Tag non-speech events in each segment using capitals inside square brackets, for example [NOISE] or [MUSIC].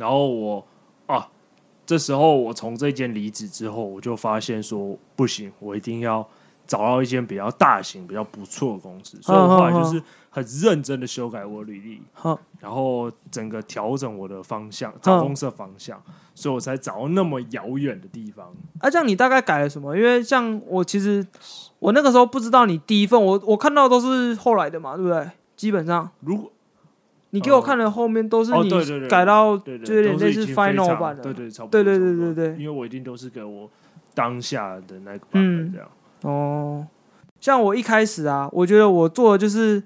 然後我啊，這時候我從這間離職之後，我就發現說不行，我一定要找到一間比較大型、比較不錯的公司。啊啊啊啊啊。所以我後來就是很認真的修改我的履歷，啊，然後整個調整我的方向，找公司的方向，啊，所以我才找到那麼遙遠的地方。啊，這樣你大概改了什麼？因為像我其實我那個時候不知道你第一份，我我看到都是後來的嘛，對不對？基本上如果。你給我看的後面都是你改到、哦，就有點類似 final 版的，對對，差不多，對對對，因為我一定都是給我當下的那個版本這樣、嗯。哦，像我一開始啊，我覺得我做的就是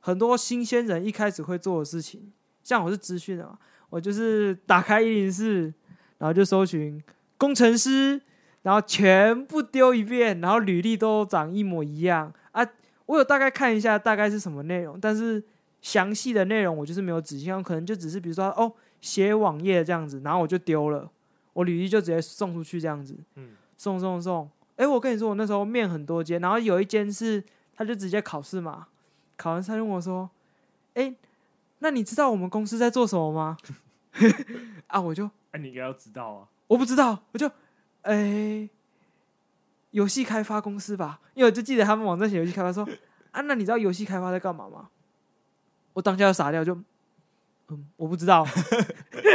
很多新鮮人一開始會做的事情，像我是資訊的、啊、嘛，我就是打開一零四，然後就搜尋工程師，然後全部丟一遍，然後履歷都長一模一樣啊。我有大概看一下大概是什麼內容，但是，詳細的內容我就是沒有仔細看，可能就只是比如說哦，寫網頁這樣子，然後我就丟了，我履歷就直接送出去這樣子。嗯，送送送。哎、欸，我跟你說，我那時候面很多間，然後有一間是他就直接考試嘛，考完他就跟我說：“哎、欸，那你知道我們公司在做什麼嗎？” [LAUGHS] 啊，我就哎、啊，你應該要知道啊，我不知道，我就哎，欸、遊戲開發公司吧，因為我就記得他們網站寫遊戲開發說，說 [LAUGHS] 啊，那你知道遊戲開發在幹嘛嗎？我當下要傻掉，就嗯，我不知道，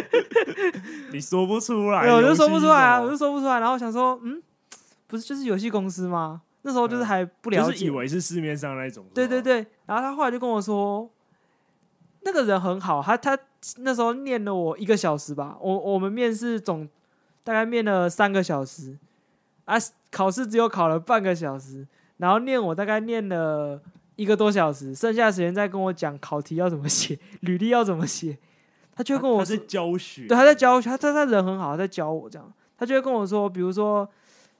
[LAUGHS] 你說不出來， [LAUGHS] 我就說不出來，啊，我就說不出來，然後想說，嗯，不是就是遊戲公司嗎？那時候就是還不了解，嗯，就是，以為是市面上那種。對對對，然後他後來就跟我說， [LAUGHS] 那個人很好，他他那時候念了我一個小時吧，我我們面試總大概面了三個小時，啊，考試只有考了半個小時，然後念我大概念了。一個多小時，剩下的時間再跟我講考題要怎麼寫，履歷要怎麼寫。他就跟我是教學，對，他在教他，他他人很好，他在教我這樣。他就會跟我說，比如說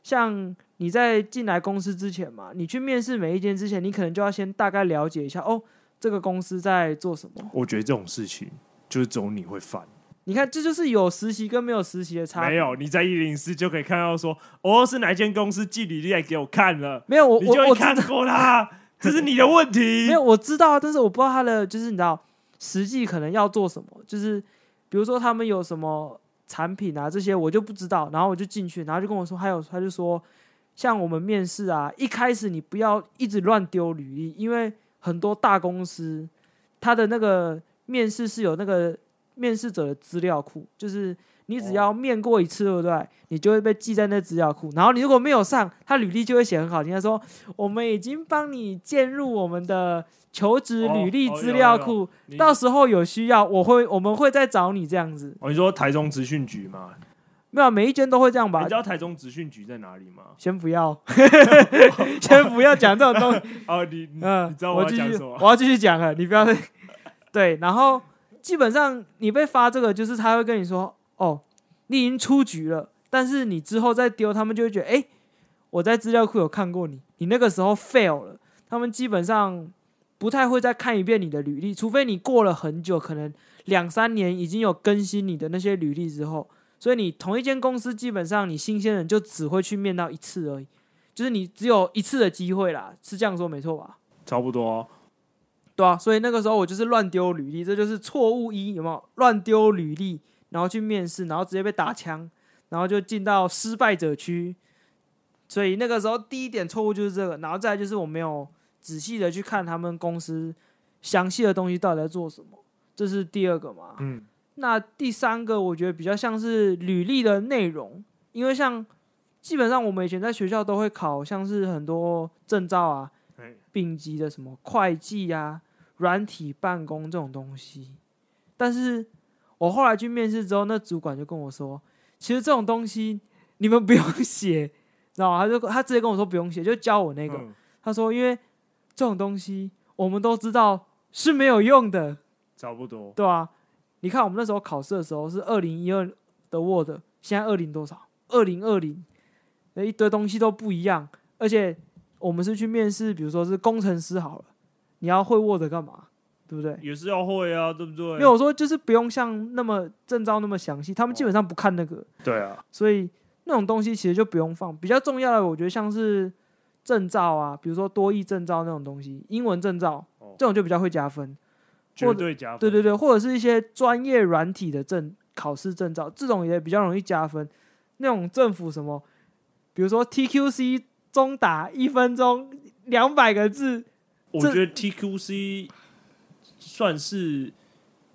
像你在進來公司之前嘛，你去面試每一間之前，你可能就要先大概了解一下，哦，這個公司在做什麼。我覺得這種事情就是只有你會煩。你看，這就是有實習跟沒有實習的差別。沒有，你在一零四就可以看到說，哦，是哪一間公司寄履歷來給我看了？沒有，我我我看過啦。這是你的問題，嗯，沒有我知道啊，但是我不知道他的就是你知道實際可能要做什麼，就是比如說他們有什麼產品啊這些我就不知道，然後我就進去，然後就跟我說，還有他就說像我們面試啊，一開始你不要一直亂丟履歷，因為很多大公司他的那個面試是有那個面試者的資料庫，就是。你只要面過一次，對不對？你就會被記在那資料庫。然後你如果沒有上，他履歷就會寫很好聽。他說：“我們已經幫你建入我們的求職履歷資料庫，到時候有需要，我會我們會再找你這樣子。”你說台中資訊局嗎？沒有、啊，每一間都會這樣吧？你知道台中資訊局在哪裡嗎？先不要，先不要講這種東西。啊，你，你知道我講什麼？我要繼續講了，你不要對。然後基本上，你被發這個，就是他會跟你說。哦，你已經出局了，但是你之後再丟，他們就會覺得，哎、欸，我在資料庫有看過你，你那個時候 fail 了，他們基本上不太會再看一遍你的履歷，除非你過了很久，可能兩三年已經有更新你的那些履歷之後，所以你同一間公司基本上你新鮮人就只會去面到一次而已，就是你只有一次的機會啦，是這樣說沒錯吧？差不多，對啊，所以那個時候我就是亂丟履歷，這就是錯誤一，有沒有？亂丟履歷。然後去面試，然後直接被打槍，然後就進到失敗者區。所以那個時候第一點錯誤就是這個，然後再來就是我沒有仔細的去看他們公司詳細的東西到底在做什麼，這是第二個嘛。嗯，那第三個我覺得比較像是履歷的內容，因為像基本上我們以前在學校都會考，像是很多證照啊，丙級的什麼會計啊、軟體辦公這種東西，但是。我後來去面試之後，那主管就跟我說：“其實這種東西你們不用寫，知道嗎？”他就他直接跟我說：“不用寫，就教我那個。”嗯，他說：“因為這種東西我們都知道是沒有用的，差不多，對啊？你看我們那時候考試的時候是二零一二的 Word，現在二零多少？二零二零，那一堆東西都不一樣。而且我們是去面試，比如說是工程師好了，你要會 Word 幹嘛？”對不對？也是要會啊，對不對？沒有，我說就是不用像那麼證照那麼詳細，他們基本上不看那個。哦、對啊，所以那種東西其實就不用放。比較重要的，我覺得像是證照啊，比如說多益證照那種東西，英文證照、哦、這種就比較會加分，絕對加分。對對對，或者是一些專業軟體的證考試證照，這種也比較容易加分。那種政府什麼，比如說 TQC 中打一分鐘兩百個字，我覺得 TQC。嗯算是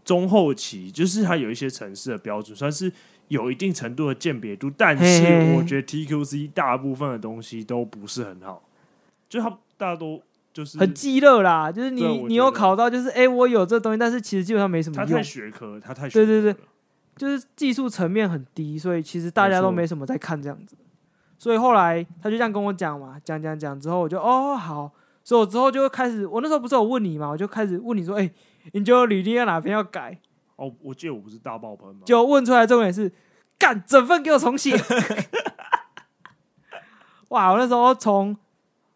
中後期，就是它有一些程式的標準，算是有一定程度的鑑別度。但是我覺得 TQC 大部分的東西都不是很好，就它大多就是很雞肋啦。就是你你有考到，就是哎、欸，我有這東西，但是其實基本上沒什麼用。它太學科，它太學科對，對對對，就是技術層面很低，所以其實大家都沒什麼在看這樣子。所以後來他就這樣跟我講嘛，講講講之後，我就哦好。所以我之後就開始，我那時候不是有問你嘛，我就開始問你說：“哎、欸，你就履歷要哪邊要改？”哦，我記得我不是大爆棚嗎？就問出來這種也是幹整份給我重寫。 [LAUGHS] [LAUGHS] 哇，我那時候從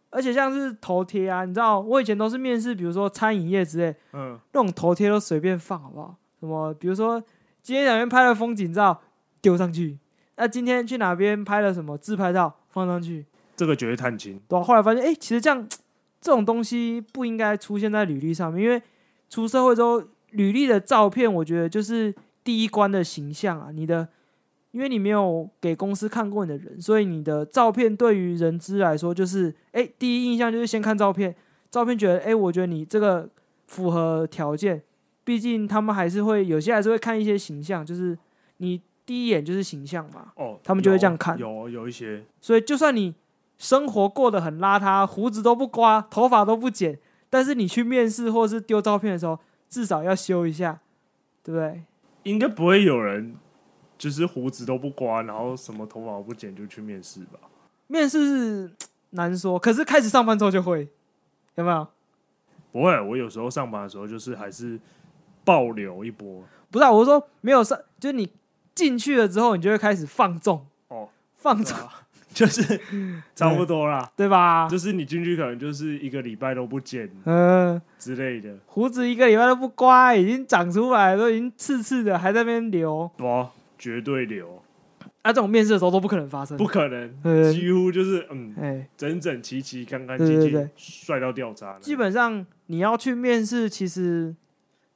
而且像是頭貼啊，你知道我以前都是面試，比如說餐飲業之類，嗯，那種頭貼都隨便放好不好？什麼比如說今天哪邊拍了風景照丟上去，那今天去哪邊拍了什麼自拍照放上去，這個絕對探親。對吧、啊？後來發現哎、欸，其實這樣。這種東西不應該出現在履歷上面，因為出社會之後，履歷的照片，我覺得就是第一關的形象啊。你的，因為你沒有給公司看過你的人，所以你的照片對於人資來說，就是誒、欸，第一印象就是先看照片，照片覺得誒、欸，我覺得你這個符合條件，畢竟他們還是會有些還是會看一些形象，就是你第一眼就是形象嘛。哦，他們就會這樣看。有有，有一些，所以就算你。生活過得很邋遢，鬍子都不刮，頭髮都不剪。但是你去面試或是丟照片的時候，至少要修一下，對不對？應該不會有人就是鬍子都不刮，然後什麼頭髮不剪就去面試吧。面試是難說，可是開始上班之後就會，有沒有？不會。我有時候上班的時候就是還是爆流一波。不是啊，我說沒有上，就是你進去了之後，你就會開始放縱哦，放縱。 [LAUGHS] 就是差不多啦對，對吧？就是你進去可能就是一個禮拜都不見，嗯，之類的。鬍子一個禮拜都不刮，已經長出來，都已經刺刺的，還在那邊留。不，絕對留。啊，這種面試的時候都不可能發生，不可能，對對對，幾乎就是嗯，哎，整整齊齊、乾乾淨淨、帥到掉渣。基本上你要去面試，其實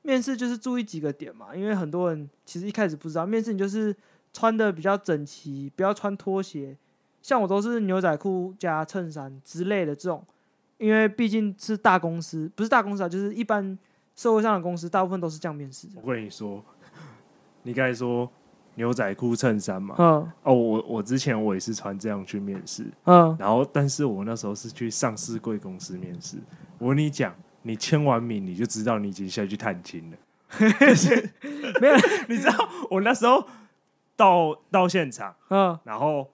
面試就是注意幾個點嘛，因為很多人其實一開始不知道面試，你就是穿得比較整齊，不要穿拖鞋。像我都是牛仔褲加襯衫之類的這種，因為畢竟是大公司，不是大公司啊，就是一般社會上的公司，大部分都是這樣面試的。我跟你說，你剛才說牛仔褲襯衫嘛，嗯，哦，我我之前我也是穿這樣去面試，嗯，然後但是我那時候是去上市櫃公司面試，我跟你講，你簽完名你就知道你已經下去探親了，沒有？你知道我那時候到到現場，嗯，然後。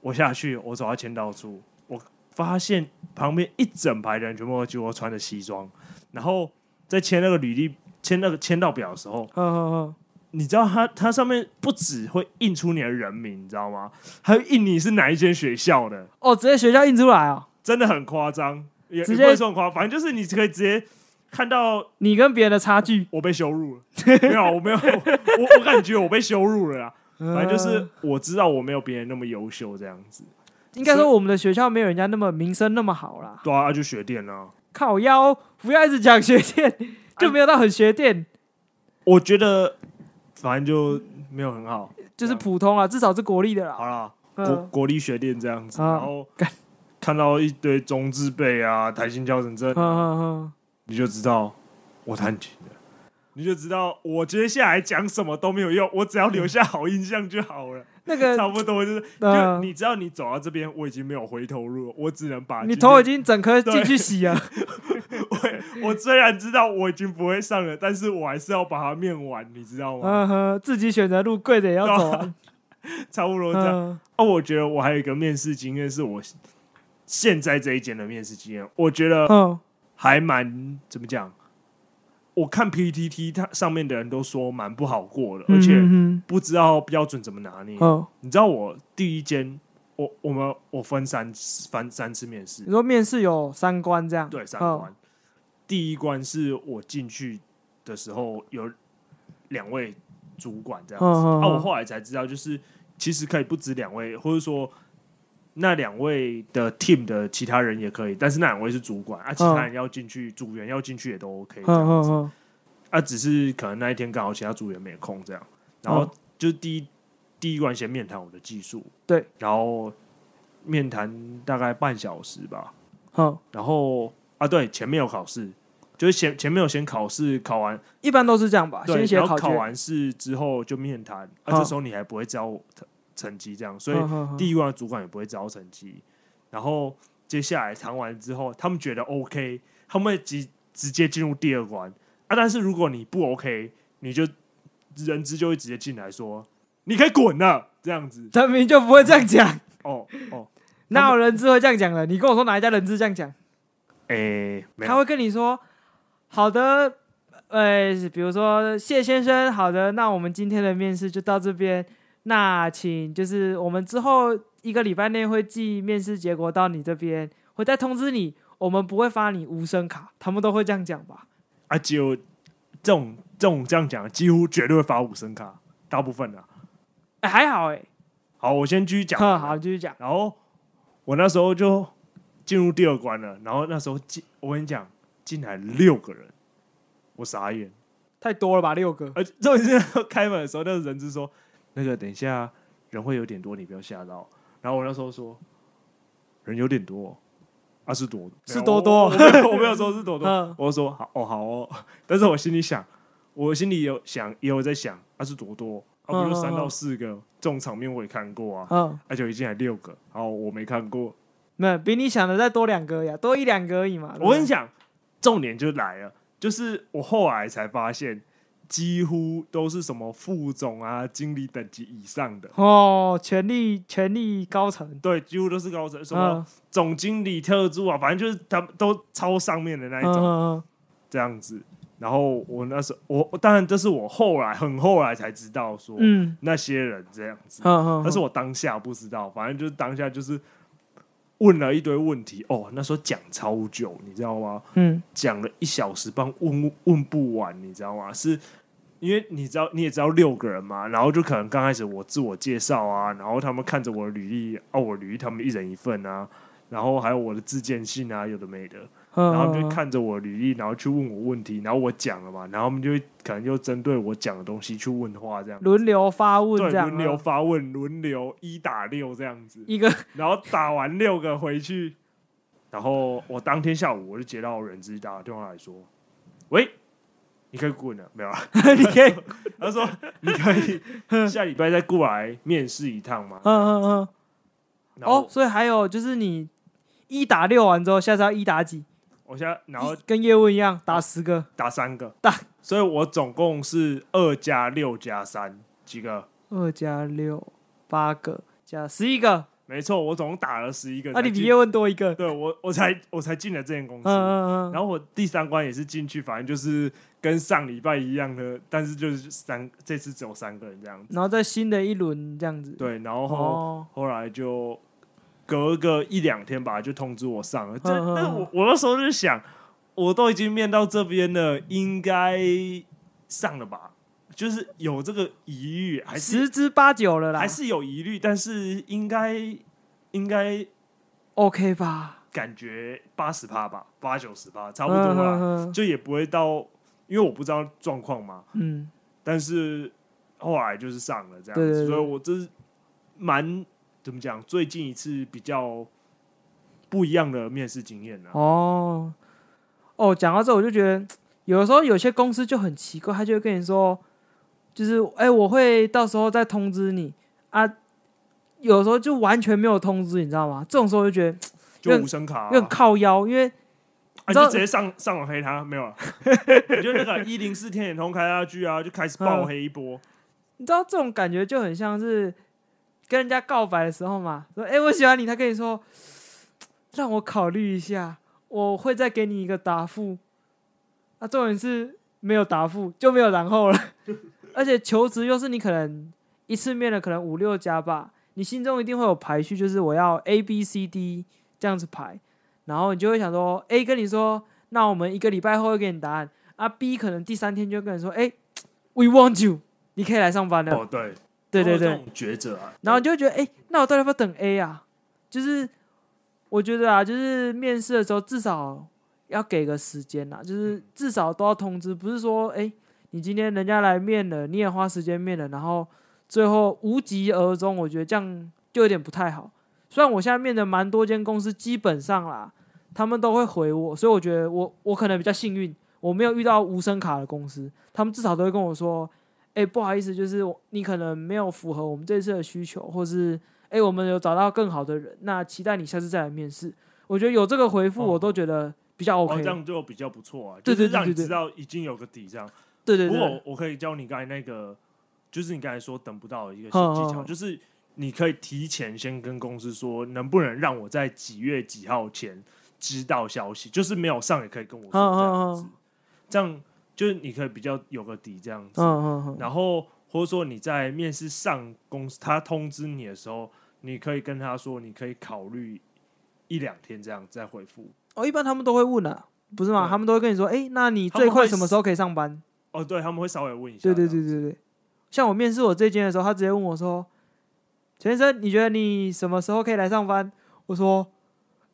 我下去，我走到簽到處，我發現旁邊一整排人全部就我穿着西裝，然後在簽那個履歷、簽那個簽到表的時候，嗯嗯嗯，你知道他他上面不止會印出你的人名，你知道嗎？還印你是哪一間學校的？哦，直接學校印出來哦，真的很誇張，也不會這麼誇張，反正就是你可以直接看到你跟別人的差距。我被羞辱了，沒有，我沒有， [LAUGHS] 我我感覺我被羞辱了啦。呃、反正就是我知道我沒有別人那麼優秀這樣子，應該說我們的學校沒有人家那麼名聲那麼好啦。對啊，啊就學店啊，靠腰不要一直講學店，啊，就沒有到很學店。我覺得反正就沒有很好，就是普通啊，至少是國立的啦。好啦，呃、國國立學店這樣子，啊，然後看到一堆中字輩啊，台清交成政，你就知道我彈琴的。你就知道，我接下來講什麼都沒有用，我只要留下好印象就好了。那個 [LAUGHS] 差不多就是，呃、就你知道，你走到這邊，我已經沒有回頭路了，我只能把你頭已經整顆進去洗了。 [LAUGHS] [LAUGHS] 我我雖然知道我已經不會上了，但是我還是要把它面完，你知道嗎？呃、自己選擇路，跪着也要走，啊。 [LAUGHS] 差不多這樣，呃呃。我覺得我還有一個面試經驗，是我現在這一間的面試經驗，我覺得還蠻怎麼講？我看 PTT 他上面的人都說蠻不好過的，嗯，而且不知道標準怎麼拿捏。嗯、你知道我第一間，我我們我分三次，三三次面試。你說面試有三關這樣？對，三關。嗯、第一關是我進去的時候有兩位主管這樣子，嗯、啊，我後來才知道，就是其實可以不止兩位，或者說。那兩位的 team 的其他人也可以，但是那兩位是主管啊，其他人要進去，組、oh. 員要進去也都 OK 這樣 oh, oh, oh. 啊，只是可能那一天剛好其他組員沒空這樣。然後就第一、oh. 第一關先面談我的技術，對，然後面談大概半小時吧。Oh. 然後啊，對，前面有考試，就是前，前面有先考試，考完一般都是這樣吧，先先考，考完試之後就面談，oh. 啊，這時候你還不會教他。成績這樣，所以第一關的主管也不會知道成績。Oh, oh, oh. 然後接下來談完之後，他們覺得 OK，他們會直直接進入第二關啊。但是如果你不 OK，你就人資就會直接進來說：“你可以滾了。”這樣子，他們就不會這樣講。哦哦，哪有人資會這樣講的。你跟我說哪一家人資這樣講？哎、欸，他會跟你說：“好的，哎、呃，比如說謝先生，好的，那我們今天的面試就到這邊。”那請，就是我們之後一個禮拜內會寄面試結果到你這邊，會再通知你。我們不會發你無聲卡，他們都會這樣講吧？啊就，就這種這種這樣講，幾乎絕對會發無聲卡，大部分的、啊。哎、欸，還好哎、欸。好，我先繼續講。啊、好，繼續講。然後我那時候就進入第二關了，然後那時候我跟你講，進來六個人，我傻眼，太多了吧，六個。呃、啊，重點是開門的時候，那人質說。那個等一下人會有點多，你不要嚇到。然後我那時候說，人有點多，二、啊、是多是多多我 [LAUGHS] 我我。我沒有說是多多，我就說好哦好哦。但是我心裡想，我心裡有想也有在想，二、啊、是多多，啊比如三到四個呵呵呵這種場面我也看過啊。嗯，而且一進來六個，好、啊、我沒看過，那比你想的再多兩個呀、啊，多一兩個而已嘛。我跟你講、嗯，重點就來了，就是我後來才發現。幾乎都是什麼副總啊、經理等級以上的哦，權力權力高層對，幾乎都是高層，什麼總經理、特助啊，啊，反正就是他都超上面的那一種、啊、這樣子。然後我那時候，我當然這是我後來很後來才知道說，嗯，那些人這樣子、啊，但是我當下不知道，反正就是當下就是問了一堆問題，哦，那時候講超久，你知道嗎？嗯，講了一小時半，幫問問不完，你知道嗎？是。因為你知道，你也知道六個人嘛，然後就可能剛開始我自我介紹啊，然後他們看着我的履歷，哦、啊，我履歷他們一人一份啊，然後還有我的自薦信啊，有的沒的，呵呵呵，然後就看着我的履歷，然後去問我問題，然後我講了嘛，然後他們就可能就針對我講的東西去問話，這樣輪流發問，對、啊，輪流發問，輪流一打六這樣子一個，然後打完六個回去，然後我當天下午我就接到人資打電話來說，喂。你可以滾了，沒有啊？ [LAUGHS] 你可以， [LAUGHS] 他說，你可以下禮拜再過來面試一趟嗎？ [LAUGHS] 嗯嗯嗯。哦，所以還有就是你一打六完之後，下次要一打幾？我現在然後跟葉問一樣打十個，打三個，但所以，我總共是二加六加三幾個？二加六，八個加十一個。沒錯，我總共打了十一個。那、啊、你比葉問多一個。對，我我才我才進了這間公司，嗯嗯嗯嗯，然後我第三關也是進去，反正就是。跟上禮拜一樣的，但是就是三，這次只有三個人這樣子。然後在新的一輪這樣子。對，然後後，哦，後來就隔個一兩天吧，就通知我上了。這，但我我那時候就想，我都已經面到這邊了，應該上了吧？就是有這個疑慮，還是十之八九了啦，還是有疑慮，但是應該應該 OK 吧？感覺八十趴吧，八九十趴差不多了，就也不會到。因為我不知道狀況嘛，嗯，但是後來就是上了這樣子，對對對。所以我這是蠻怎麼講？最近一次比較不一樣的面試經驗啊。哦，哦，講到這我就覺得，有時候有些公司就很奇怪，他就會跟你說，就是哎，我會到時候再通知你啊。有時候就完全沒有通知，你知道嗎？這種時候我就覺得就無聲卡啊，因為靠腰，因為。你啊、你就直接上上網黑他沒有了、啊，我 [LAUGHS] 那個一零四天眼通開下去啊，就開始爆黑一波。嗯、你知道這種感覺就很像是跟人家告白的時候嘛，說哎、欸、我喜歡你，他跟你說讓我考慮一下，我會再給你一個答覆。那重點是沒有答覆，就沒有然後了。 [LAUGHS] 而且求職又是你可能一次面了可能五六家吧，你心中一定會有排序，就是我要 A B C D 這樣子排。然後你就會想說，A 跟你說，那我們一個禮拜後會給你答案啊。B 可能第三天就跟你說，哎、欸，We want you，你可以來上班了。Oh, 對對對對，這種抉擇啊對。然後你就會覺得，哎、欸，那我到底要不要等 A 啊？就是我覺得啊，就是面試的時候至少要給個時間啦、啊，就是至少都要通知，不是說，哎、欸，你今天人家來面了，你也花時間面了，然後最後無疾而終。我覺得這樣就有點不太好。雖然我現在面的蠻多間公司，基本上啦。他們都會回我，所以我覺得我我可能比較幸運，我沒有遇到無聲卡的公司，他們至少都會跟我說：“哎、欸，不好意思，就是你可能沒有符合我們這次的需求，或是哎、欸，我們有找到更好的人，那期待你下次再來面試。”我覺得有這個回覆、哦，我都覺得比較 OK，、啊、這樣就比較不錯啊。對對,對,對,對,對，就是、讓你知道已經有個底，這樣對對,對對。不過我,我可以教你剛才那個，就是你剛才說等不到的一個新技巧好好好好，就是你可以提前先跟公司說，能不能讓我在幾月幾號前。知道消息，就是沒有上也可以跟我說這樣子，啊啊啊啊、這樣就是你可以比較有個底這樣子，啊啊啊啊、然後或者說你在面試上公司，他通知你的時候，你可以跟他說你可以考慮一兩天這樣再回復。哦，一般他們都會問的、啊，不是嗎？他們都會跟你說，哎、欸，那你最快什麼時候可以上班？哦，對，他們會稍微問一下。對對對對對，像我面試我這間的時候，他直接問我說：“陳先生，你覺得你什麼時候可以來上班？”我說。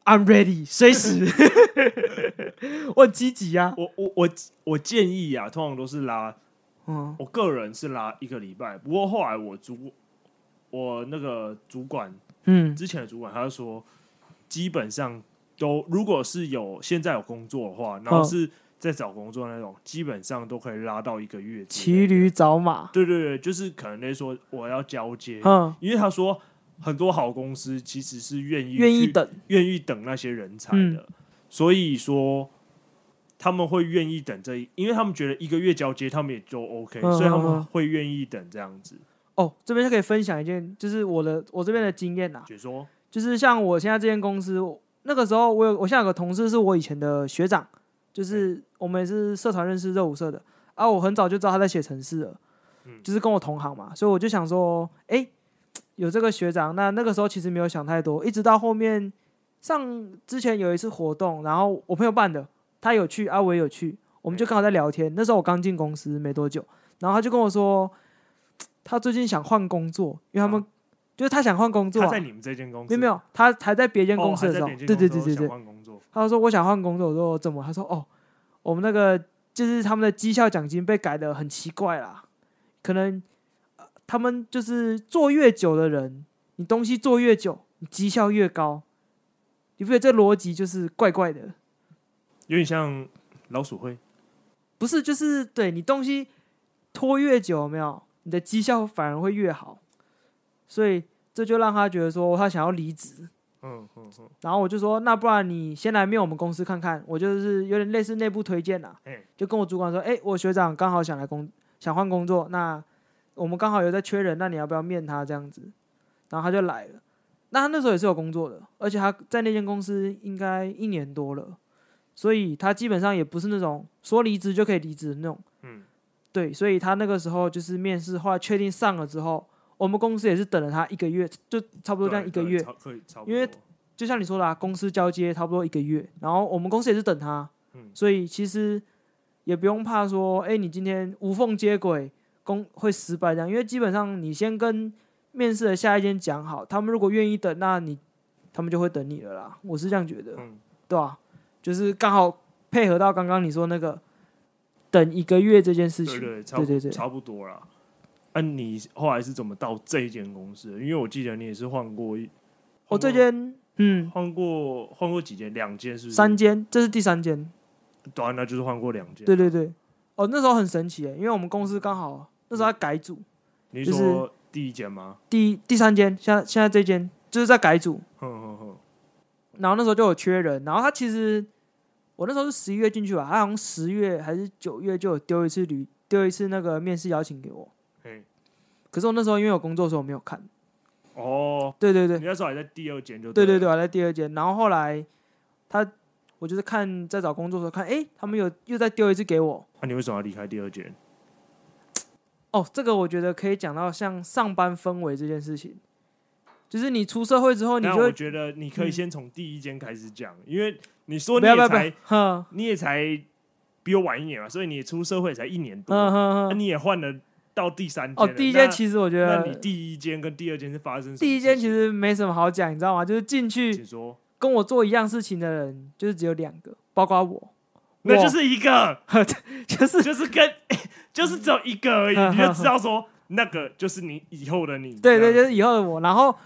I'm ready，隨時。 [LAUGHS] 我很積極啊。我我我我建議啊，通常都是拉，嗯，我個人是拉一個禮拜。不過後來我主，我那個主管，嗯，之前的主管，他就說，基本上都如果是有現在有工作的話，然後是在找工作那種，嗯，基本上都可以拉到一個月。騎驢找馬。對對對，就是可能那時候我要交接，嗯，因為他說。很多好公司其實是願意願意等願意等那些人才的。嗯、所以說他們會願意等這一，因為他們覺得一個月交接他們也就 O、OK, K，、嗯嗯嗯、所以他們會願意等這樣子。哦，這邊就可以分享一件，就是我的我這邊的經驗吶、啊。解說就是像我現在這間公司，那個時候我有我現在有個同事是我以前的學長，就是我們也是社團認識熱舞社的啊，我很早就知道他在寫程式了、嗯，就是跟我同行嘛，所以我就想說，哎、欸。有這個學長，那那個時候其實沒有想太多，一直到後面上之前有一次活動，然後我朋友辦的，他有去，阿、啊、偉有去，我們就剛好在聊天。欸、那時候我剛進公司沒多久，然後他就跟我說，他最近想換工作，因為他們、啊、就是他想換工作、啊，他在你們這間公司有沒有，他還在別間公司的時候、哦，對對對對對，換工作，他說我想換工作，我說怎麼？他說哦，我們那個就是他們的績效獎金被改得很奇怪啦，可能。他們就是做越久的人，你東西做越久，你績效越高，你不覺得這邏輯就是怪怪的？有點像老鼠會，不是就是對你東西拖越久，有沒有你的績效反而會越好，所以這就讓他覺得說他想要離職。嗯，嗯，嗯。然後我就說，那不然你先來面我們公司看看，我就是有點類似內部推薦了。就跟我主管說，哎、欸，我學長剛好想來工想換工作，那。我們剛好有在缺人，那你要不要面他這樣子？然後他就來了。那他那時候也是有工作的，而且他在那間公司應該一年多了，所以他基本上也不是那種說離職就可以離職的那種。嗯、對，所以他那個時候就是面試，後來確定上了之後，我們公司也是等了他一個月，就差不多這樣一個月，因為就像你說的、啊，公司交接差不多一個月，然後我們公司也是等他，嗯、所以其實也不用怕說，哎，你今天無縫接軌。公會失敗這樣，因為基本上你先跟面試的下一間講好，他們如果願意等，那你他們就會等你了啦。我是這樣覺得，嗯，對吧、啊？就是剛好配合到剛剛你說那個等一個月這件事情，對對對，差不多，對對對，差不多啦。啊、你後來是怎麼到這一間公司？因為我記得你也是換過，我、哦、這間，嗯，換過換過幾間，兩間，是不是？三間，這是第三間，短、啊、那就是換過兩間、啊。對對對，哦，那時候很神奇、欸、因為我們公司剛好。那時候他改組，嗯、你說第一間嗎？就是、第第三間，現在現在這間就是在改組呵呵呵。然後那時候就有缺人，然後他其實我那時候是十一月進去吧，他好像十月還是九月就有丟一次履、丟一次那個面試邀請給我。可是我那時候因為有工作，所以我沒有看。哦，對對對，你那時候還在第二間就對，對對對，還在第二間，然後後來他我就是看在找工作的時候看，哎、欸，他們有又再丟一次給我。那、啊、你為什麼要離開第二間？哦，這個我覺得可以講到像上班氛圍這件事情，就是你出社會之後你就會，你覺得我覺得你可以先從第一間開始講、嗯，因為你說你也才，不要不要不要你也才比我晚一年嘛，所以你也出社會才一年多，那、啊、你也換了到第三間。哦，第一間其實我覺得，那你第一間跟第二間是發生什麼？第一間其實沒什麼好講，你知道嗎？就是進去，說跟我做一樣事情的人，就是只有兩個，包括我，那就是一個， [LAUGHS] 就是就是跟。 [LAUGHS] 就是只有一個而已呵呵呵，你就知道說那個就是你以後的你。對對，對，就是以後的我。然後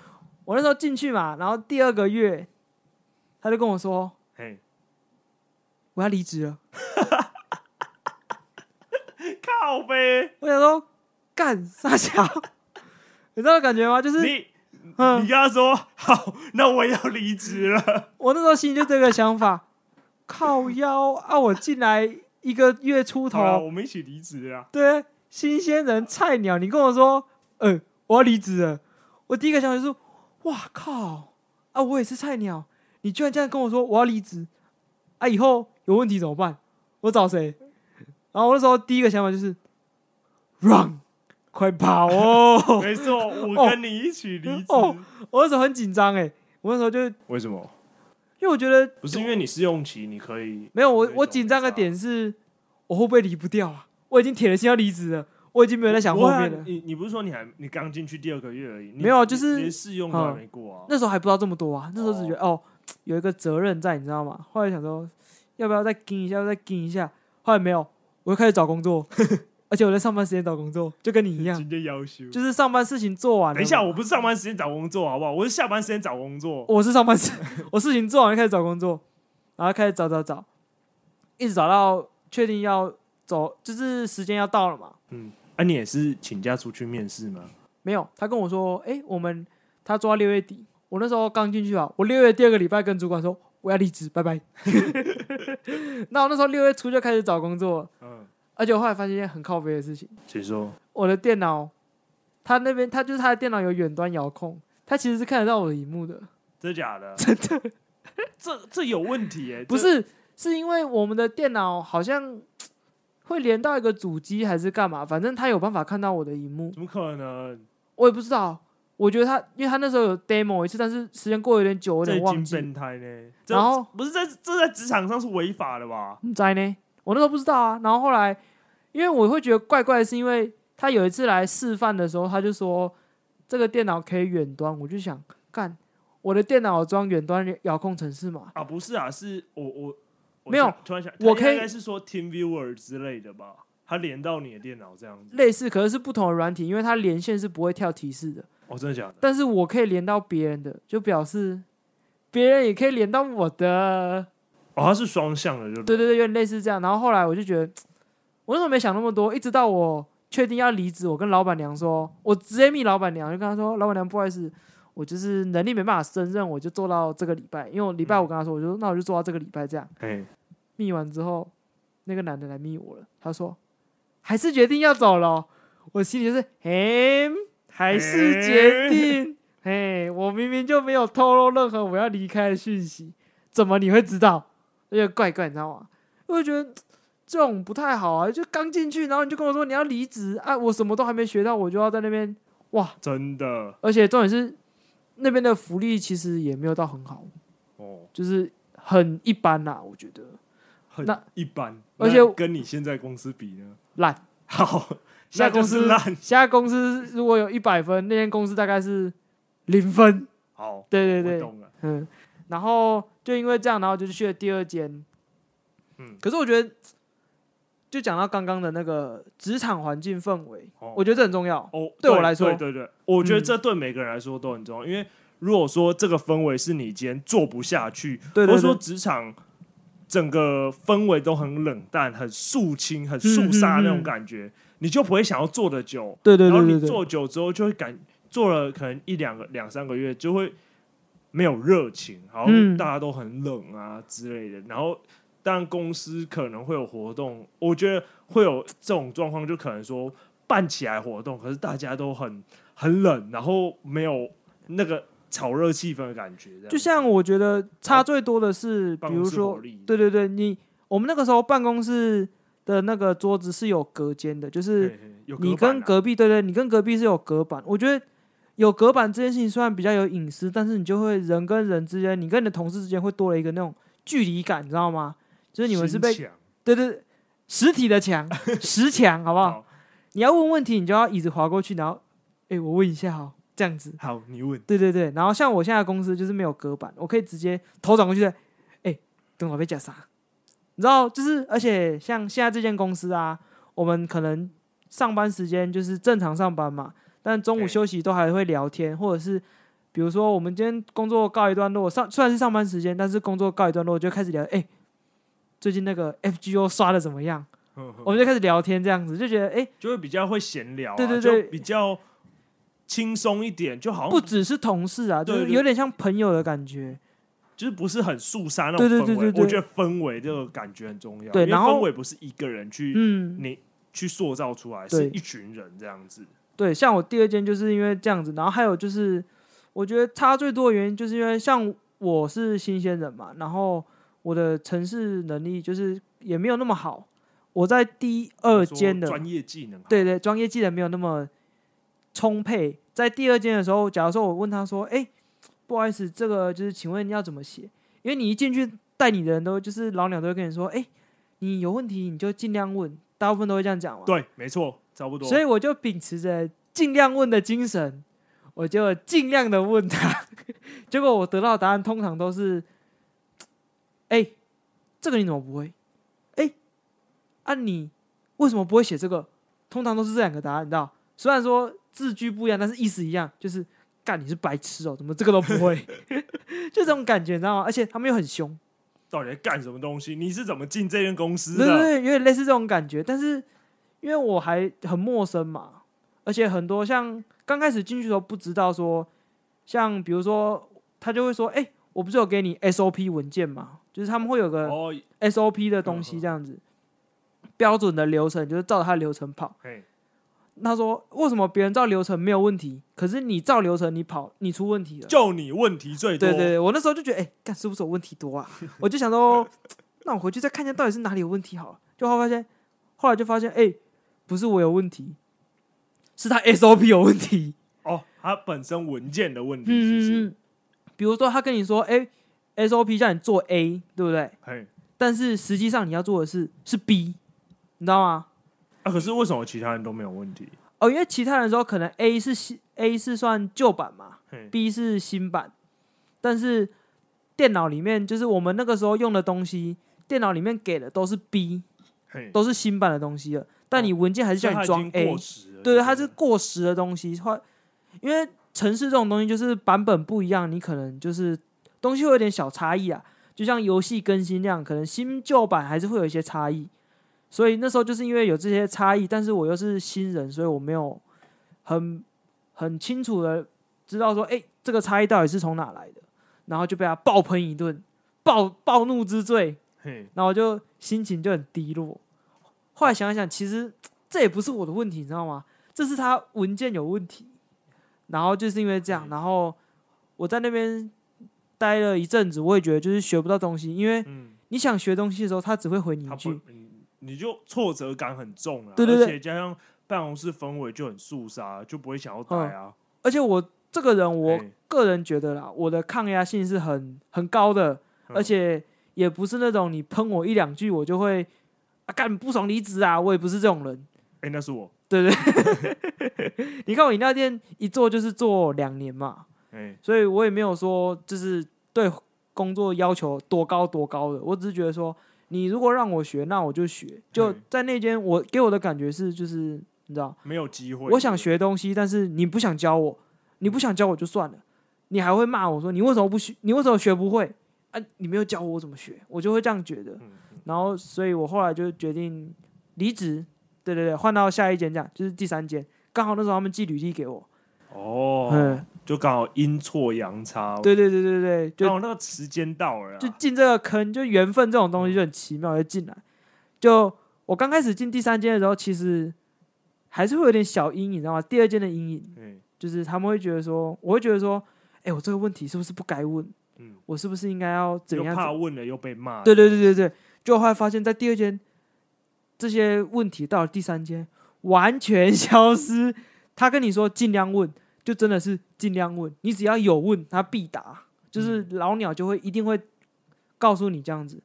我那時候進去嘛，然後第二個月他就跟我說：“嘿，我要離職了。 [LAUGHS] ”靠杯！我想說幹啥？幹三小 [LAUGHS] 你知道的感覺嗎？就是你，嗯，你跟他說好，那我要離職了。我那時候心裡就這個想法， [LAUGHS] 靠腰啊！我進來。一個月出頭，啊、我們一起離職啊！對，新鮮人菜鳥，你跟我說，嗯、欸，我要離職了，我第一個想法就是，哇靠！啊，我也是菜鳥，你居然這樣跟我說我要離職，啊，以後有問題怎麼辦？我找誰？然後我那時候第一個想法就是 [LAUGHS] ，run，快跑哦！ [LAUGHS] 沒錯，我跟你一起離職，喔喔。我那時候很緊張誒，我那時候就，為什麼？因為我覺得不是，因為你試用期你可以沒有我，我緊張的點是，我會不會離不掉啊？我已經鐵了心要離職了，我已經沒有在想後面了。你你不是說你還你剛進去第二個月而已？沒有，就是連試用都還沒過啊、哦。那時候還不知道這麼多啊，那時候只覺得哦，哦有一個責任在，你知道嗎？後來想說要不要再跟一下，再跟一下，後來沒有，我就開始找工作。呵呵而且我在上班時間找工作，就跟你一樣。就是上班事情做完了。等一下，我不是上班時間找工作，好不好？我是下班時間找工作。我是上班時， [LAUGHS] 我事情做完就開始找工作，然後開始找找找，一直找到確定要走，就是時間要到了嘛。嗯，啊、你也是請假出去面試嗎？沒有，他跟我說，哎、欸，我們他做到六月底，我那時候剛進去啊。我六月第二個禮拜跟主管說我要離職，拜拜。 [LAUGHS] 那我那時候六月初就開始找工作。嗯。而且我後來發現一件很靠北的事情，誰說？我的電腦，他那邊，他就是他的電腦有遠端遙控，他其實是看得到我的螢幕的。真的假的？真 [LAUGHS] 的？ [LAUGHS] 這這有問題哎、欸！不是，是因為我們的電腦好像會連到一個主機還是幹嘛？反正他有辦法看到我的螢幕。怎麼可能？我也不知道。我覺得他，因為他那時候有 demo 一次，但是時間過有點久，有點忘記。變態呢。然後不是在這在職場上是違法的吧？不知道呢。我那時候不知道啊。然後後來。因為我會覺得怪怪的，是因為他有一次來示範的時候，他就說這個電腦可以遠端，我就想幹我的電腦裝遠端遙控程式嗎？啊，不是啊，是我我沒有我突然想，我可以應該是說 TeamViewer 之類的吧？它連到你的電腦這樣子類似，可是是不同的軟體，因為它連線是不會跳提示的。我、哦、真的假的，但是我可以連到別人的，就表示別人也可以連到我的。哦，它是雙向的就，就對對對，有點類似這樣。然後後來我就覺得。我為什麼沒想那麼多？一直到我確定要離職，我跟老闆娘說，我直接密老闆娘，我就跟他說：“老闆娘不好意思，我就是能力沒辦法勝任，我就做到這個禮拜。”因為我禮拜我跟他說，嗯、我就那我就做到這個禮拜這樣。哎、嗯，密完之後，那個男的來密我了，他說：“還是決定要走了，哦。”我心裡就是：“嘿，還是決定？哎，我明明就沒有透露任何我要離開的訊息，怎麼你會知道？而且怪怪，你知道嗎？我就覺得。”這種不太好啊！就剛進去，然後你就跟我說你要離職啊！我什麼都還沒學到，我就要在那邊哇！真的，而且重點是那邊的福利其實也沒有到很好哦，就是很一般啦，啊，我覺得很那一般。而且跟你現在公司比呢，爛好。現 [LAUGHS] 在公司爛，現在公司如果有一百分，那間公司大概是零分。好，對對對，懂了。嗯，然後就因為這樣，然後就去了第二間。嗯，可是我覺得。就講到剛剛的那個職場環境氛圍，哦，我覺得這很重要。哦，對，對我來說，對，對對對，我覺得這對每個人來說都很重要。嗯、因為如果說這個氛圍是你今天做不下去，對對對對，或者說職場整個氛圍都很冷淡，很肅清，很肅殺的那種感覺，嗯，你就不會想要做得久。對對對，對對對，然後你做久之後就會感做了可能一兩個兩三個月就會沒有熱情，然後大家都很冷啊，嗯、之類的，然後。但公司可能會有活動，我覺得會有這種狀況，就可能說辦起來活動，可是大家都很很冷，然後沒有那個炒熱氣氛的感覺。這樣，就像我覺得差最多的是，比如說，對對對，你我們那個時候辦公室的那個桌子是有隔間的就是，你跟隔壁，對對，你跟隔壁是有隔板。我覺得有隔板這件事情雖然比較有隱私，但是你就會人跟人之間，你跟你的同事之間會多了一個那種距離感，你知道嗎？就是你們是被對對，對實體的牆， [LAUGHS] 實牆，好不好，好？你要問問題，你就要椅子滑過去，然後，哎、欸，我問一下哈，這樣子，好，你問，對對對。然後像我現在公司就是沒有隔板，我可以直接頭轉過去，哎、欸，等我被夾啥？你知道，就是而且像現在這間公司啊，我們可能上班時間就是正常上班嘛，但中午休息都還會聊天，欸、或者是比如說我們今天工作告一段落，上雖然是上班時間，但是工作告一段落，就開始聊，哎、欸。最近那個 FGO 刷的怎麼樣？ [LAUGHS] 我們就開始聊天，這樣子就覺得哎、欸，就會比較會閒聊、啊，對對對，比較輕鬆一點，就好像不，不只是同事啊，對對對就是、有點像朋友的感覺，就是不是很肅殺那種氛圍。對對、對、對、對我覺得氛圍這個感覺很重要。對、對、對、對、對，然後氛圍不是一個人去，嗯，你去塑造出來是一群人這樣子。對，像我第二間就是因為這樣子，然後還有就是我覺得差最多的原因就是因為像我是新鮮人嘛，然後。我的程式能力就是也沒有那麼好。我在第二間的專業技能，對對，專業技能沒有那麼充沛。在第二間的時候，假如說我問他說：“哎，不好意思，這個就是，請問要怎麼寫？”因為你一進去帶你的人都就是老鳥，都會跟你說：“哎，你有問題你就盡量問。”大部分都會這樣講嘛。對，沒錯，差不多。所以我就秉持着盡量問的精神，我就盡量的問他。結果我得到的答案，通常都是。哎、欸，這個你怎麼不會？哎、欸，啊你為什麼不會寫這個？通常都是這兩個答案，你知道？雖然說字句不一樣，但是意思一樣，就是幹你是白痴哦、喔，怎麼這個都不會？ [LAUGHS] 就這種感覺，你知道嗎？而且他們又很凶。到底在幹什麼東西？你是怎麼進這間公司？對，對對，有點類似這種感覺。但是因為我還很陌生嘛，而且很多像剛開始進去的時候不知道說，像比如說他就會說，哎、欸，我不是有給你 SOP 文件嗎？就是他們會有個 SOP 的東西，這樣子、哦哦、呵呵標準的流程，就是照他流程跑。他說：“為什麼別人照流程沒有問題，可是你照流程你跑你出問題了？”就你問題最多。對對對，我那時候就覺得，哎、欸，幹是不是我問題多啊？ [LAUGHS] 我就想說，那我回去再看一下到底是哪裡有問題好了。就後發現，後來就發現，哎、欸，不是我有問題，是他 SOP 有問題。哦，他本身文件的問題是不是、嗯？比如說，他跟你說，哎、欸。SOP 叫你做 A，對不對？嘿，但是實際上你要做的是是 B，你知道嗎？啊，可是為什麼其他人都沒有問題？哦，因為其他人說可能 A 是新 A 是算舊版嘛，嘿，B 是新版，但是電腦裡面就是我們那個時候用的東西，電腦裡面給的都是 B，嘿，都是新版的東西了。但你文件還是叫你裝 A，過時，對對，它是過時的東西。因為程式這種東西就是版本不一樣，你可能就是。東西會有點小差異啊，就像遊戲更新那樣，可能新舊版還是會有一些差異。所以那時候就是因為有這些差異，但是我又是新人，所以我沒有很很清楚的知道說，哎、欸，這個差異到底是從哪來的，然後就被他爆噴一頓，暴暴怒之罪。然後我就心情就很低落。後來想想，其實這也不是我的問題，你知道嗎？這是他文件有問題。然後就是因為這樣，然後我在那邊。待了一陣子，我也覺得就是學不到東西，因為你想學東西的時候，他只會回你一句、嗯嗯，你就挫折感很重啊。對不對，對，加上辦公室氛圍就很肅殺，就不會想要待啊、嗯。而且我這個人，我個人覺得啦，欸、我的抗壓性是很很高的、嗯，而且也不是那種你噴我一兩句，我就會啊、幹、不爽離職啊，我也不是這種人。哎、欸，那是我，對不對，對？ [LAUGHS] [LAUGHS] 你看我飲料店一做就是做兩年嘛。所以我也沒有說就是對工作要求多高多高的，我只是覺得說，你如果讓我學，那我就學。就在那間，我給我的感覺是，就是你知道，沒有機會。我想學東西，但是你不想教我，你不想教我就算了，你還會罵我說，你為什麼不學？你為什麼學不會？啊，你沒有教我怎麼學？我就會這樣覺得。然後，所以我後來就決定離職，對對對，換到下一間，這樣就是第三間。剛好那時候他們寄履歷給我，哦，嗯。就剛好陰錯陽差，對對對對對，就、哦、那個時間到了、啊，就進這個坑，就緣分這種東西就很奇妙，嗯、就進來。就我剛開始進第三間的時候，其實還是會有點小陰影，你知道嗎？第二間的陰影、嗯，就是他們會覺得說，我會覺得說，哎、欸，我這個問題是不是不該問、嗯？我是不是應該要怎樣？怕問了又被罵，對對對對對，就後來發現，在第二間這些問題到了第三間完全消失， [LAUGHS] 他跟你說盡量問。就真的是盡量問你，只要有問，他必答。就是老鳥就會一定會告訴你這樣子，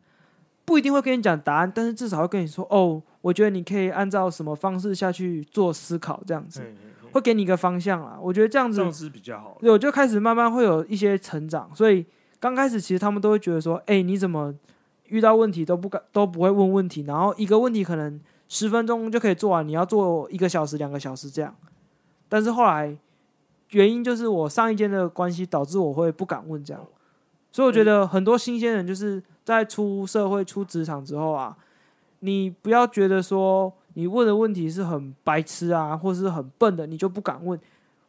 不一定會跟你講答案，但是至少會跟你說：“哦，我覺得你可以按照什麼方式下去做思考，這樣子嘿嘿嘿會給你一個方向啦。我覺得這樣子方式比較好。對，我就開始慢慢會有一些成長。所以剛開始其實他們都會覺得說：“哎、欸，你怎麼遇到問題都不敢都不會問問題？然後一個問題可能十分鐘就可以做完，你要做一個小時、兩個小時這樣。”但是後來。原因就是我上一間的關係導致我會不敢問這樣，所以我覺得很多新鮮人就是在出社會、出職場之後啊，你不要覺得說你問的問題是很白痴啊，或是很笨的，你就不敢問。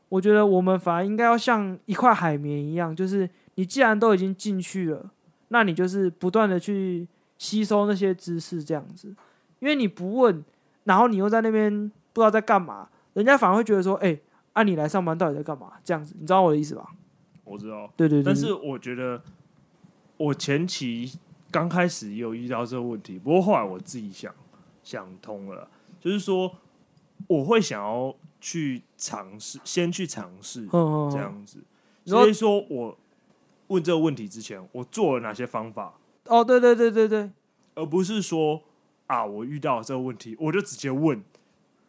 我覺得我們反而應該要像一塊海綿一樣，就是你既然都已經進去了，那你就是不斷的去吸收那些知識這樣子，因為你不問，然後你又在那邊不知道在幹嘛，人家反而會覺得說，誒。按、啊、你來上班到底在幹嘛？這樣子，你知道我的意思吧？我知道。對對對對。但是我覺得，我前期剛開始也有遇到這個問題，不過後來我自己想想通了，就是說我會想要去嘗試，先去嘗試，這樣子。呵呵呵。所以說我問這個問題之前，我做了哪些方法？哦，對對對對對，而不是說啊，我遇到這個問題，我就直接問。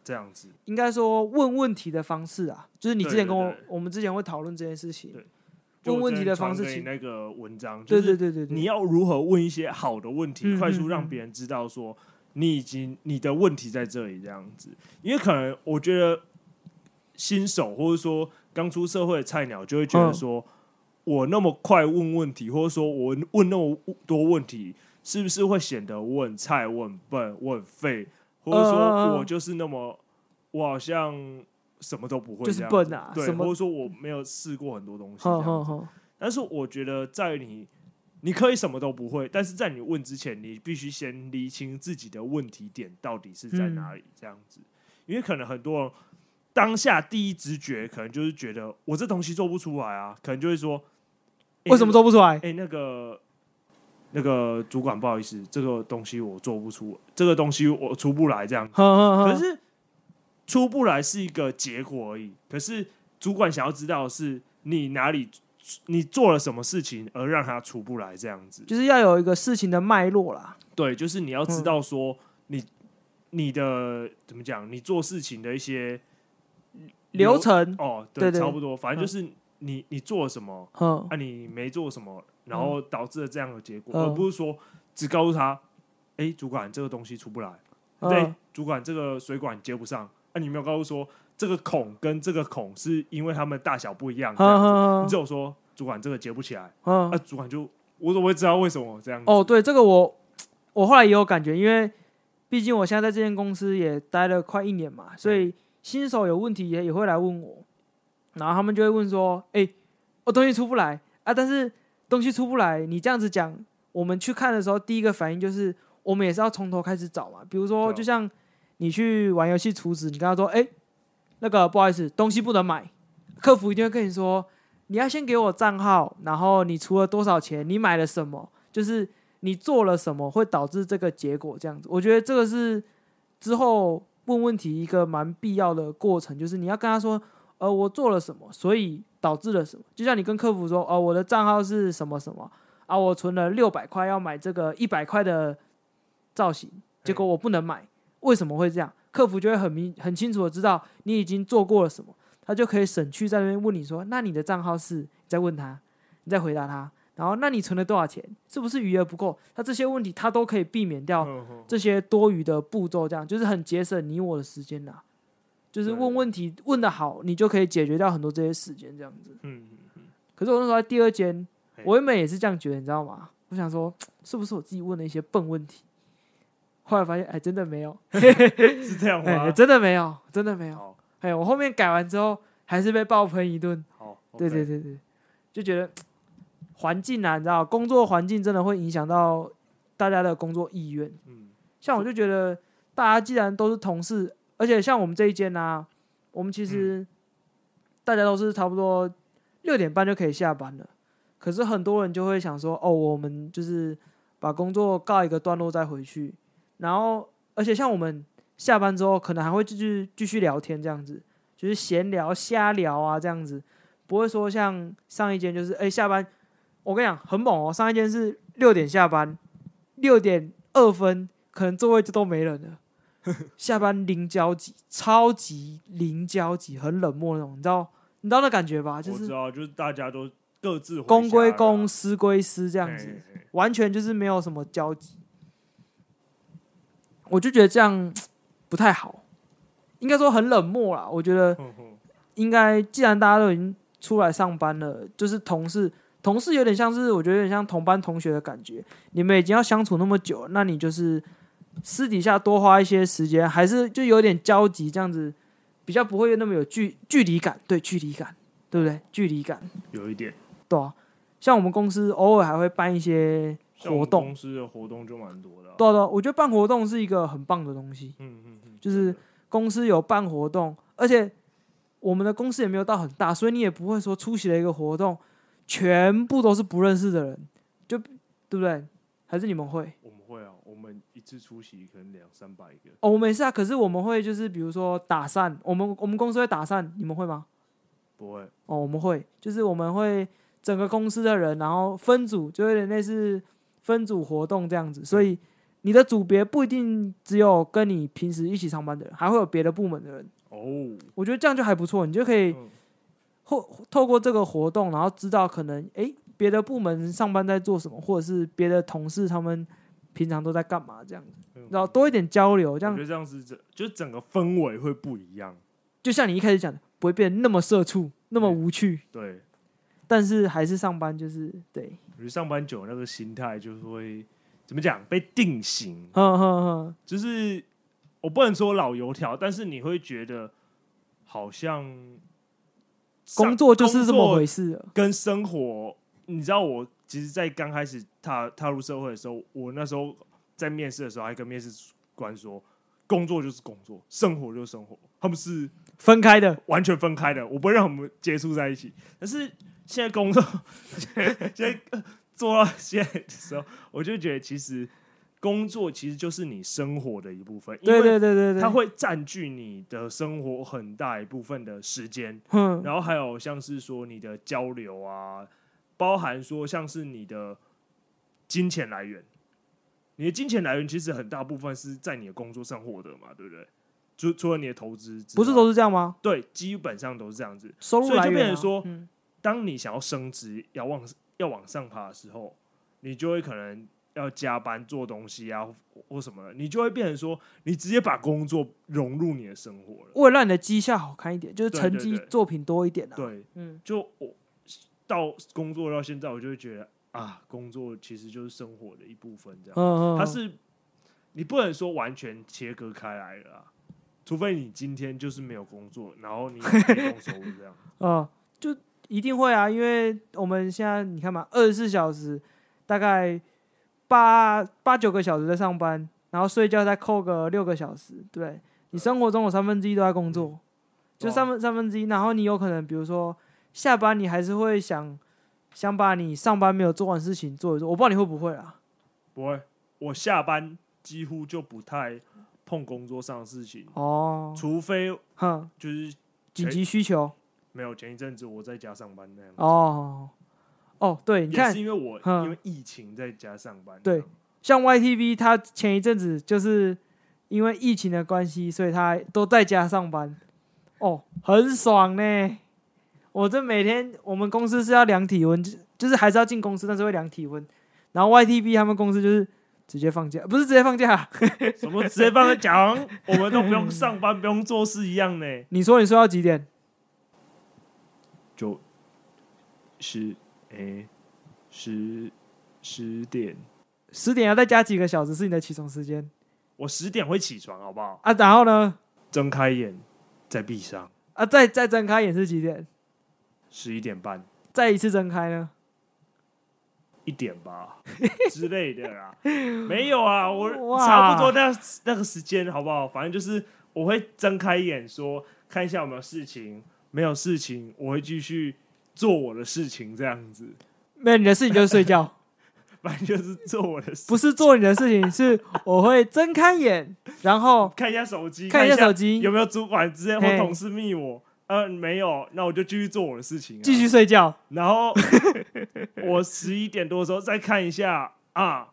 這樣子，應該說問問題的方式啊，就是你之前跟我，對對對我們之前會討論這件事情。對，就問問題的方式，那個文章，對對對對，你要如何問一些好的問題，對對對對對，快速讓別人知道說你已經你的問題在這裡這樣子。因為可能我覺得新手，或者說剛出社會的菜鳥，就會覺得說、嗯、我那麼快問問題，或者說我問那麼多問題，是不是會顯得我很菜、我很笨、我很廢？或者說我就是那麼，我好像什麼都不會，就是笨，對。或者說我沒有試過很多東西。但是我覺得，在你你可以什麼都不會，但是在你問之前，你必須先釐清自己的問題點到底是在哪裡，這樣子。因為可能很多人當下第一直覺，可能就是覺得我這東西做不出來啊，可能就會說為什麼做不出來？哎，那個、欸。那個，那個主管不好意思，這個東西我做不出，這個東西我出不來，這樣呵呵呵。可是出不來是一個結果而已。可是主管想要知道的是你哪裡，你做了什麼事情而讓他出不來，這樣子，就是要有一個事情的脈絡啦。對，就是你要知道說你、嗯、你的怎麼講，你做事情的一些流，流程哦，對，差不多。反正就是你你做了什麼、嗯，啊，你沒做什麼。然後導致了這樣的結果，嗯、而不是說只告訴他：“哎，主管，這個東西出不來。嗯”對，主管這個水管接不上。那、啊、你沒有告訴說這個孔跟這個孔是因為它們的大小不一樣。啊、這樣子、啊，你只有說：“主管，這個接不起來。啊”啊，主管就我怎麼會知道為什麼這樣？哦、oh,，對，這個我我後來也有感覺，因為畢竟我現在在這間公司也待了快一年嘛，所以新手有問題也會來問我。然後他們就會問說：“哎，我東西出不來啊，但是……”東西出不來，你這樣子講，我們去看的時候，第一個反應就是，我們也是要從頭開始找嘛。比如說，就像你去玩遊戲充值，你跟他說：“哎、欸，那個不好意思，東西不能買。”客服一定會跟你說：“你要先給我賬號，然後你出了多少錢，你買了什麼，就是你做了什麼，會導致這個結果。”這樣子，我覺得這個是之後問問題一個蠻必要的過程，就是你要跟他說：“呃，我做了什麼，所以。”導致了什麼？就像你跟客服說，哦，我的賬號是什麼什麼啊？我存了六百塊，要買這個一百塊的造型，結果我不能買，為什麼會這樣？客服就會很明很清楚的知道你已經做過了什麼，他就可以省去在那邊問你說，那你的賬號是？再問他，你再回答他，然後那你存了多少錢？是不是餘額不夠？他這些問題他都可以避免掉這些多餘的步驟，這樣就是很節省你我的時間的。就是問問題問得好，你就可以解決掉很多這些事情這樣子，嗯嗯嗯。可是我那時候在第二間，我原本也是這樣覺得，你知道嗎？我想說，是不是我自己問了一些笨問題？後來發現，哎、欸，真的沒有， [LAUGHS] 是這樣嗎？欸？真的沒有，真的沒有。哎、欸，我後面改完之後，還是被爆噴一頓。對對對對，就覺得環 [LAUGHS] 境難，啊，你知道，工作環境真的會影響到大家的工作意願，嗯。像我就覺得，大家既然都是同事，而且像我們這一間呢、啊，我們其實大家都是差不多六點半就可以下班了。可是很多人就會想說，哦，我們就是把工作告一個段落再回去。然後，而且像我們下班之後，可能還會繼續繼續聊天這樣子，就是閒聊、瞎聊啊這樣子，不會說像上一間就是，哎，下班，我跟你講，很猛哦。上一間是六點下班，六點二分，可能座位就都沒人了。 [LAUGHS] 下班零交集，超級零交集，很冷漠的那種，你知道，你知道那感覺吧？就是，公歸公私歸私這樣子，我知道，就是大家都各自公歸公，私歸私，這樣子。欸欸，完全就是沒有什麼交集。我就覺得這樣不太好，應該說很冷漠啦。我覺得應該，既然大家都已經出來上班了，就是同事，同事有點像是我覺得有點像同班同學的感覺。你們已經要相處那麼久，那你就是。私底下多花一些時間，還是就有點交集，這樣子，比較不會那麼有距距離感，對距離感，對不對？距離感有一點，對啊，像我們公司偶爾還會辦一些活動，公司的活動就蠻多的啊。對啊，對啊，我覺得辦活動是一個很棒的東西。嗯嗯嗯，就是公司有辦活動，而且我們的公司也沒有到很大，所以你也不會說出席了一個活動，全部都是不認識的人，就對不對？還是你們會？我們會啊，我們。是出席可能兩三百個人哦，我、oh, 沒事啊。可是我們會就是比如說打散，我們我們公司會打散，你們會嗎？不會哦，oh, 我們會就是我們會整個公司的人，然後分組，就有點類似分組活動這樣子。所以你的組別不一定只有跟你平時一起上班的人，還會有別的部門的人哦。Oh. 我覺得這樣就還不錯，你就可以透透過這個活動，然後知道可能誒別的部門上班在做什麼，或者是別的同事他們。平常都在幹嘛？這樣子，嗯，然後多一點交流，這樣我覺得這樣子整，就整個氛圍會不一樣。就像你一開始講的，不會變那麼社畜，那麼無趣。對，對，但是還是上班，就是對。上班久，那個心態就是會怎麼講，被定型。嗯嗯嗯，就是我不能說老油條，但是你會覺得好像工作就是這麼回事，跟生活，你知道我。其實，在剛開始踏踏入社會的時候，我那時候在面試的時候，還跟面試官說，工作就是工作，生活就是生活，他們是分開，分開的，完全分開的，我不會讓他們接觸在一起。但是現在工作， [LAUGHS] 現在做到現在的時候，我就覺得，其實工作其實就是你生活的一部分，對對對對，對，他會占據你的生活很大一部分的時間，嗯，然後還有像是說你的交流啊。包含說，像是你的金錢來源，你的金錢來源其實很大部分是在你的工作上獲得嘛，對不對？除除了你的投資，不是都是這樣嗎？對，基本上都是這樣子。收入來源、啊，所以就變成說，嗯、當你想要升職，要往要往上爬的時候，你就會可能要加班做東西啊，或什麼的，你就會變成說，你直接把工作融入你的生活了。為了讓你的績效好看一點，就是成績作品多一點、啊、對、對、對、對，嗯，就我。到工作到現在，我就會覺得啊，工作其實就是生活的一部分，這樣、嗯，它是你不能說完全切割開來的、啊、除非你今天就是沒有工作，然後你不用收入這樣，嗯，就一定會啊，因為我們現在你看嘛，二十四小時大概八八九個小時在上班，然後睡覺再扣個六個小時，對你生活中有三分之一都在工作，嗯、就三分三分之一，然後你有可能比如說。下班你還是會想想把你上班沒有做完事情做一做，我不知道你會不會啊？不會，我下班幾乎就不太碰工作上的事情哦，除非哼，就是緊急需求、欸。沒有，前一陣子我在家上班那樣子哦哦，哦，對，你看是因為我因為疫情在家上班，對，像 YTV 他前一陣子就是因為疫情的關係，所以他都在家上班哦，很爽呢。我這每天，我們公司是要量體溫，就是還是要進公司，但是會量體溫。然後 YTB 他們公司就是直接放假，不是直接放假，什麼直接放假講， [LAUGHS] [LAUGHS] 我們都不用上班， [LAUGHS] 不用做事一樣呢。你說，你說到幾點？就，十哎，十十點，十點要再加幾個小時是你的起床時間。我十點會起床，好不好？啊，然後呢？睜開眼，再閉上啊，再再睜開眼是幾點？十一點半，再一次睜開呢？一點吧 [LAUGHS] 之類的啦，沒有啊，我差不多那那個時間好不好？反正就是我會睜開眼說，說看一下有沒有事情，沒有事情，我會繼續做我的事情，這樣子。沒有你的事情就是睡覺， [LAUGHS] 反正就是做我的事情，不是做你的事情，是我會睜開眼， [LAUGHS] 然後看一下手機，看一下手機有沒有主管之類，或同事密我？嗯、呃，沒有，那我就繼續做我的事情，繼續睡覺。然後 [LAUGHS] 我十一點多的時候再看一下啊，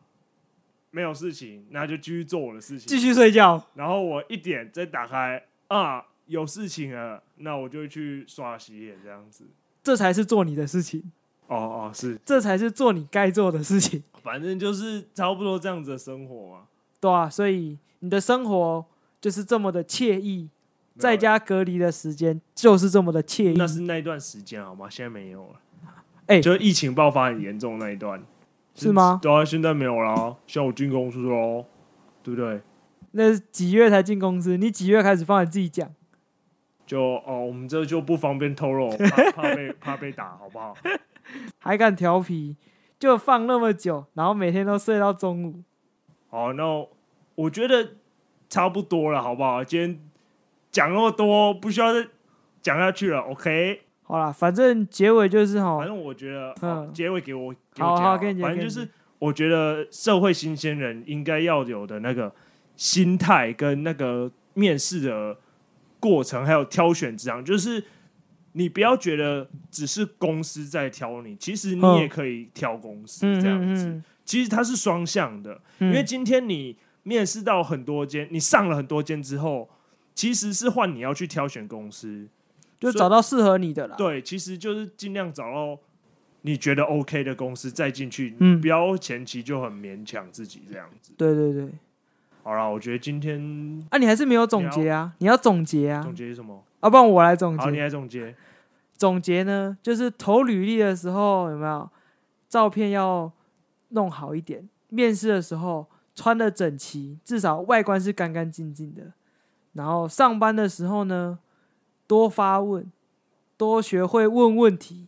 沒有事情，那就繼續做我的事情，繼續睡覺。然後我一點再打開啊，有事情了，那我就去刷洗臉，這樣子。這才是做你的事情。哦哦，是，這才是做你該做的事情。反正就是差不多這樣子的生活嘛。對啊，所以你的生活就是這麼的愜意。在家隔離的時間就是這麼的愜意。那是那一段時間好嗎？現在沒有了。哎、欸，就疫情爆發很嚴重那一段是，是嗎？對啊，現在沒有啦，像我進公司嘍，對不對？那是幾月才進公司？你幾月開始放？你自己講。就哦，我們這就不方便透露，怕被 [LAUGHS] 怕被打，好不好？還敢調皮，就放那麼久，然後每天都睡到中午。好，那我，我覺得差不多了，好不好？今天。講那麼多，不需要再講下去了。OK，好啦，反正結尾就是好，反正我覺得，嗯，結尾給我，給我講，反正就是我覺得社會新鮮人應該要有的那個心態跟那個面試的過程，還有挑選這樣，就是你不要覺得只是公司在挑你，其實你也可以挑公司這樣子。嗯嗯嗯，其實它是雙向的，嗯，因為今天你面試到很多間，你上了很多間之後。其實是換你要去挑選公司，就找到適合你的啦。對，其實就是儘量找到你覺得 OK 的公司再進去，嗯、不要前期就很勉強自己這樣子。對對對，好啦，我覺得今天啊，你還是沒有總結啊，你要，你要總結啊，總結是什麼？啊，不然我來總結。好，你來總結。總結呢，就是投履歷的時候有沒有照片要弄好一點？面試的時候穿得整齊，至少外觀是干干淨淨的。然後上班的時候呢，多發問，多學會問問題，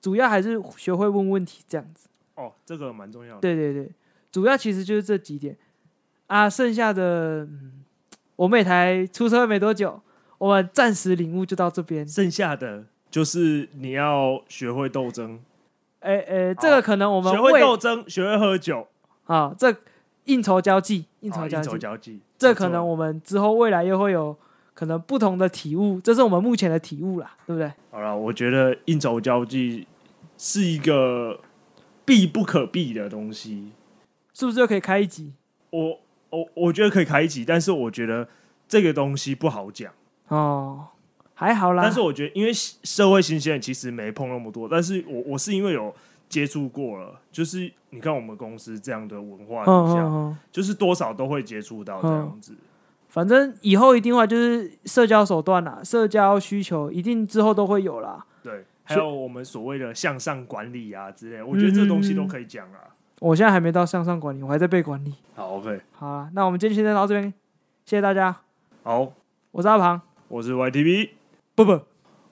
主要還是學會問問題這樣子。哦，這個蠻重要的。對對對，主要其實就是這幾點啊。剩下的，嗯，我們也才出車沒多久，我們暫時領悟就到這邊。剩下的就是你要學會鬥爭。哎哎，這個可能我們學會鬥爭，學會喝酒啊，這。應酬交際，應酬交際，啊，應酬交際這可能我們之後未來又會有可能不同的體悟，這是我們目前的體悟啦，對不對？好啦，我覺得應酬交際是一個必不可避的東西，是不是又可以開一集？我我我覺得可以開一集，但是我覺得這個東西不好講哦，還好啦。但是我覺得，因為社會新鮮人其實沒碰那麼多，但是我我是因為有接觸過了，就是。你看我們公司這樣的文化影響，oh, oh, oh. 就是多少都會接觸到這樣子。反正以後一定會就是社交手段啦，啊，社交需求一定之後都會有啦。對，還有我們所謂的向上管理啊之類，我覺得這東西都可以講啊。我現在還沒到向上管理，我還在被管理。好，OK，好了，那我們今天先到這邊，謝謝大家。好，我是阿龐，我是 YTB，不不。